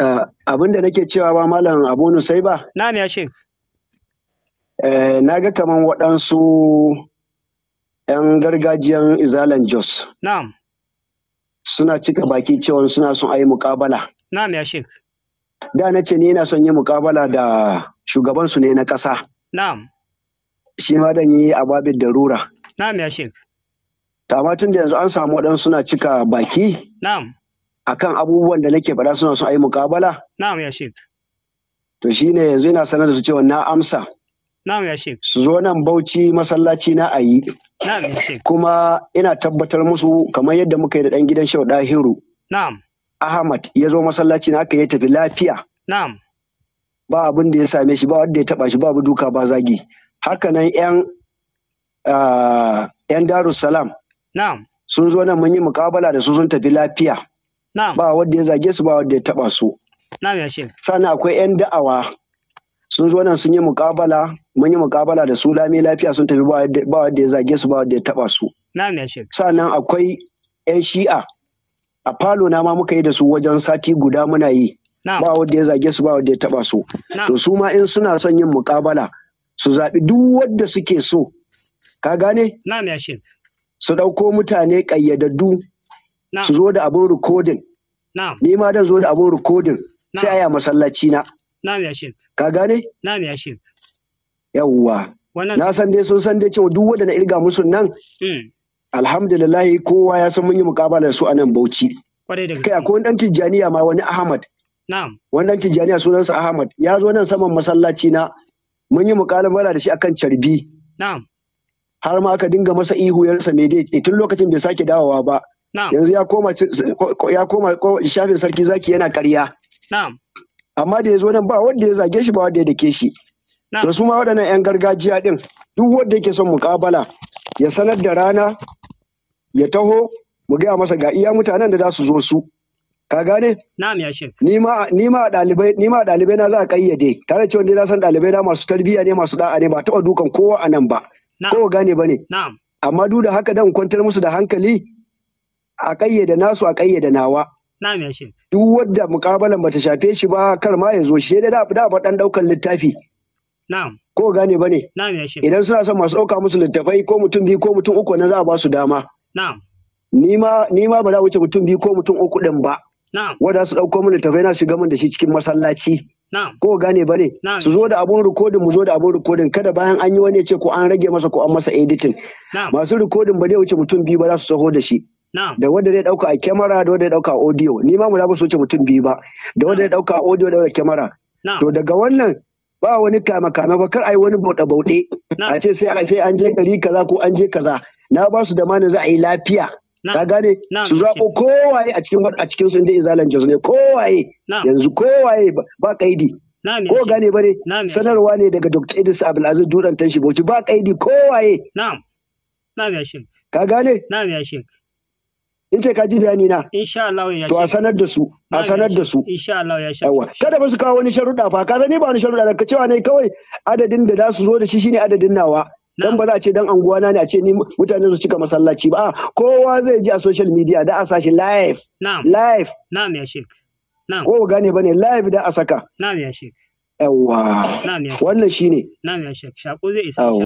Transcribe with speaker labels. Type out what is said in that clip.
Speaker 1: Eh, abin da nake cewa ba malam abu sai ba na ne ya shek eh, na ga kaman waɗansu 'yan gargajiyan izalan jos na'am suna cika baki cewa suna son a yi mukabala na'am ya shek da na ce ni ina son yi mukabala da shugabansu ne na ƙasa na'am shi ma dan yi a babin darura na'am ya shek tun da yanzu an samu waɗansu suna cika baki na'am akan abubuwan da nake faɗa suna son a yi muƙabala? Na'am ya shek. To shine yanzu ina sanar da su cewa na amsa. Na'am ya shek. Su zo nan Bauchi masallaci na a yi. Na'am ya shek. Kuma ina tabbatar musu kamar yadda muka yi da ɗan gidan Shau Dahiru. Na'am. Ahmad ya zo masallaci na aka yi tafi lafiya. Na'am. Ba abin da ya same shi ba wanda ya taɓa shi ba duka ba zagi. Hakanan 'yan uh, 'yan Darussalam. Na'am. Sun zo nan mun yi muƙabala da su sun tafi lafiya. ba wanda ya zage su ba wanda ya taba su Sana akwai yan da'awa sun zo nan sun yi mukabala mun yi mukabala da su lami lafiya sun tafi ba wanda ya zage su ba wanda ya taba su na'am sannan akwai yan shi'a a falo na ma muka yi da su wajen sati guda muna yi ba wanda ya zage su ba wanda ya taba su to su ma in suna son yin mukabala su zaɓi duk wanda suke so ka gane na'am ya su ɗauko mutane ƙayyadaddu su zo da abin rikodin ni ma dan zo da abin rikodin sai aya masallaci na na'am ya shek ka gane na'am ya shek yawwa na san dai sun san dai cewa duk wanda na irga musu nan hmm. alhamdulillah kowa ya san mun yi mukabala da su a nan Bauchi kai akwai wani dan Tijjaniya ma wani Ahmad na'am wani dan Tijjaniya sunansa Ahmad ya zo nan saman masallaci na mun yi mukalabala da shi akan carbi na'am har ma aka dinga masa ihu yarsa me dai eh, tun lokacin bai sake dawowa ba yanzu ya koma shafin sarki zaki yana karya. amma da ya zo nan ba wanda ya zage shi ba wanda ya dake shi to su ma waɗannan 'yan gargajiya ɗin duk wanda yake son muƙabala ya sanar da rana ya taho mu gaya masa ga iya mutanen da za su zo su ka gane? Ni ma ɗalibai ɗalibai na za a ƙayyade. tare cewa ni na san ɗalibai na masu tarbiyya ne masu da'a ne ba taɓa dukan kowa a nan ba. Kowa gane ba ne. Amma duk da haka dan kwantar musu da hankali a ƙayyade nasu a ƙayyade nawa. Na'am ya shi. Duk wadda muƙabalan bata shafe shi ba kar ma ya zo shi dai da da ba dan littafi. Na'am. Ko gane ba ne?
Speaker 2: Na'am ya shi. Idan
Speaker 1: suna son masu ɗauka musu littafai ko mutum biyu ko mutum uku na za a ba su dama. Na'am. Ni ma ni ma ba za wuce mutum biyu ko mutum uku ɗin ba. Na'am. Wanda su ɗauko min littafai na shiga min da shi cikin masallaci. ko gane ba ne su zo da abun rikodin mu zo da abun rikodin kada bayan an yi wani ya ce ko an rage masa ko an masa editing masu rikodin ba zai wuce mutum biyu ba za su saho da shi da wanda zai dauka a kyamara da wanda zai dauka audio ni ma mu su wuce mutum biyu ba da wanda zai dauka audio da wanda kyamara to daga wannan ba wani kama kama ba kar a yi wani bauɗe bauɗe a ce sai sai an je gari kaza ko an je kaza na ba su da mana za a yi lafiya ka gane su zaɓo kowaye a cikin a cikin su inda izalan jazu ne kowaye yanzu kowaye ba kaidi ko gane ba ne sanarwa ne daga dr idris abdulaziz duran tanshi bauchi ba kaidi kowaye
Speaker 2: na'am na'am ya shek ka gane na'am ya shek
Speaker 1: in ce ka ji bayani na
Speaker 2: insha Allah ya to
Speaker 1: a sanar da su a sanar
Speaker 2: da su insha Allah ya sha yawa
Speaker 1: kada ba su kawo wani sharuɗa fa ka ni ba wani sharuɗa da ka cewa ne kawai adadin da za su zo da shi shine adadin nawa dan ba za a ce dan anguwana ne a ce ni mutane su cika masallaci ba kowa zai ji a social media da a sashi live na'am live
Speaker 2: na'am ya shek na'am ko
Speaker 1: gane bane live da a saka na'am ya shek yawa na'am ya wannan shine
Speaker 2: na'am ya shek shako zai isa